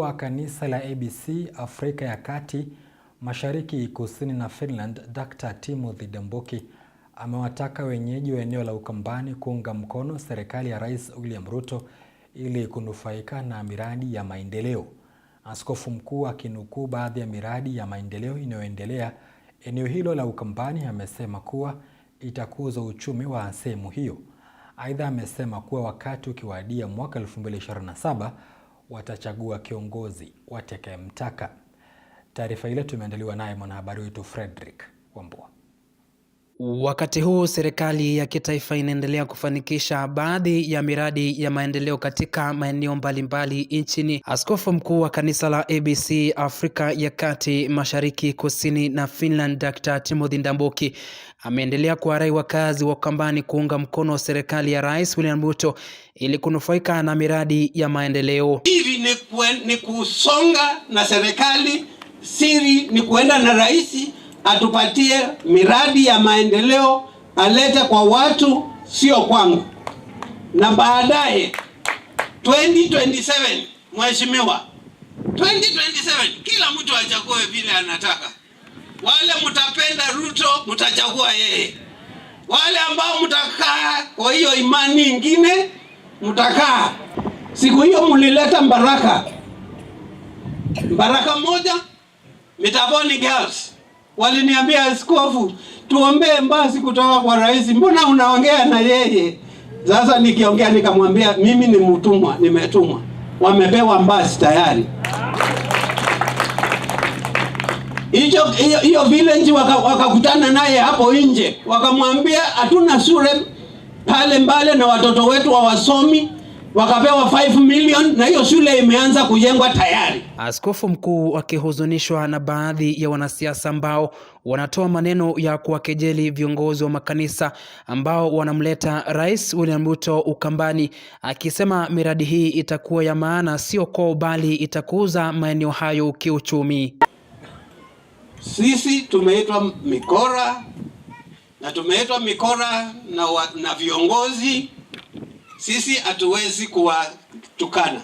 wa kanisa la ABC Afrika ya Kati, Mashariki, Kusini na Finland, Dr. Timothy Ndambuki amewataka wenyeji wa eneo la Ukambani kuunga mkono serikali ya Rais William Ruto ili kunufaika na miradi ya maendeleo. Askofu mkuu akinukuu baadhi ya miradi ya maendeleo inayoendelea eneo hilo la Ukambani amesema kuwa itakuza uchumi wa sehemu hiyo. Aidha, amesema kuwa wakati ukiwadia mwaka 2027 watachagua kiongozi watakayemtaka. Taarifa ile tumeandaliwa naye mwanahabari wetu Frederick Wambua. Wakati huu serikali ya kitaifa inaendelea kufanikisha baadhi ya miradi ya maendeleo katika maeneo mbalimbali nchini. Askofu mkuu wa kanisa la ABC Afrika ya Kati, Mashariki, Kusini na Finland, Dr. Timothy Ndambuki ameendelea kuwarai wakazi wa Ukambani kuunga mkono serikali ya Rais William Ruto ili kunufaika na miradi ya maendeleo. hivi ni, ni kusonga na serikali, siri ni kuenda na raisi atupatie miradi ya maendeleo, alete kwa watu, sio kwangu. Na baadaye 2027 mheshimiwa, 2027 kila mtu achague vile anataka. Wale mtapenda Ruto mtachagua yeye, wale ambao mtakaa kwa hiyo imani ingine mtakaa. Siku hiyo mlileta mbaraka, mbaraka moja Mitaboni Girls Waliniambia askofu, tuombee mbasi kutoka kwa rais, mbona unaongea na yeye? Sasa nikiongea nikamwambia, mimi ni mtumwa, nimetumwa, wamepewa mbasi tayari hicho hiyo village wakakutana waka naye hapo nje, wakamwambia hatuna shule pale mbale na watoto wetu hawasomi, wakapewa 5 million na hiyo shule imeanza kujengwa tayari. Askofu mkuu akihuzunishwa na baadhi ya wanasiasa ambao wanatoa maneno ya kuwakejeli viongozi wa makanisa ambao wanamleta Rais William Ruto Ukambani, akisema miradi hii itakuwa ya maana sio kwao, bali itakuza maeneo hayo kiuchumi. Sisi tumeitwa mikora na tumeitwa mikora na, wa, na viongozi sisi hatuwezi kuwatukana,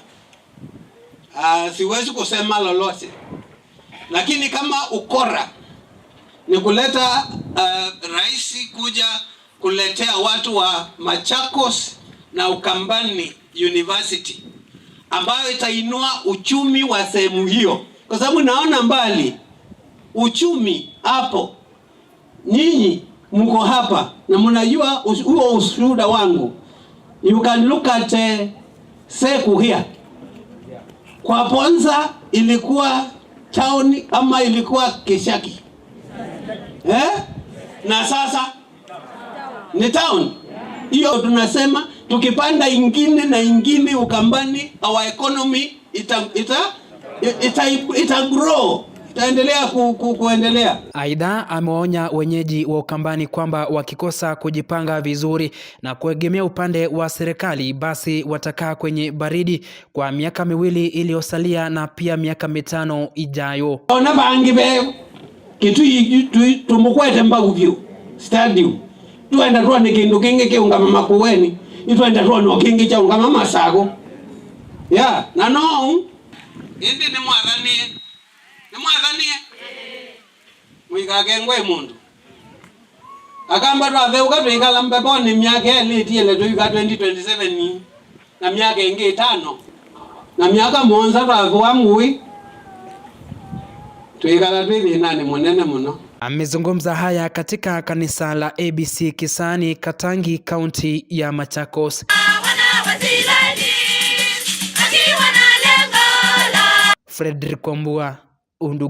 ah, siwezi kusema lolote, lakini kama ukora ni kuleta uh, rais kuja kuletea watu wa Machakos na Ukambani University ambayo itainua uchumi wa sehemu hiyo, kwa sababu naona mbali uchumi hapo. Nyinyi mko hapa na mnajua huo ushuhuda wangu you can look at uh, Seku here. Kwa Ponza ilikuwa town ama ilikuwa Kishaki eh? na sasa ni town hiyo. Tunasema tukipanda ingine na ingine Ukambani, our economy ita, ita, ita, ita, ita grow tutaendelea ku, ku, kuendelea. Aidha, amewaonya wenyeji wa Ukambani kwamba wakikosa kujipanga vizuri na kuegemea upande wa serikali, basi watakaa kwenye baridi kwa miaka miwili iliyosalia na pia miaka mitano ijayo. ona bangibe kitu tumukwete mbaguvyu stadium twenda ni kindu kingi kiungama makuweni itwenda no kingi chaungama masago ya yeah. na no indi nimwathanie nimwathanie wikage ngwe mundu akamba twatheuka twikala mbeponi miaka elitie ile 2027 na miaka ingi itano na miaka monza twathua ngui twikala twi thinani munene muno. Amezungumza haya katika kanisa la ABC Kisani, Katangi, kaunti ya Machakos. Fredrick Wambua undugu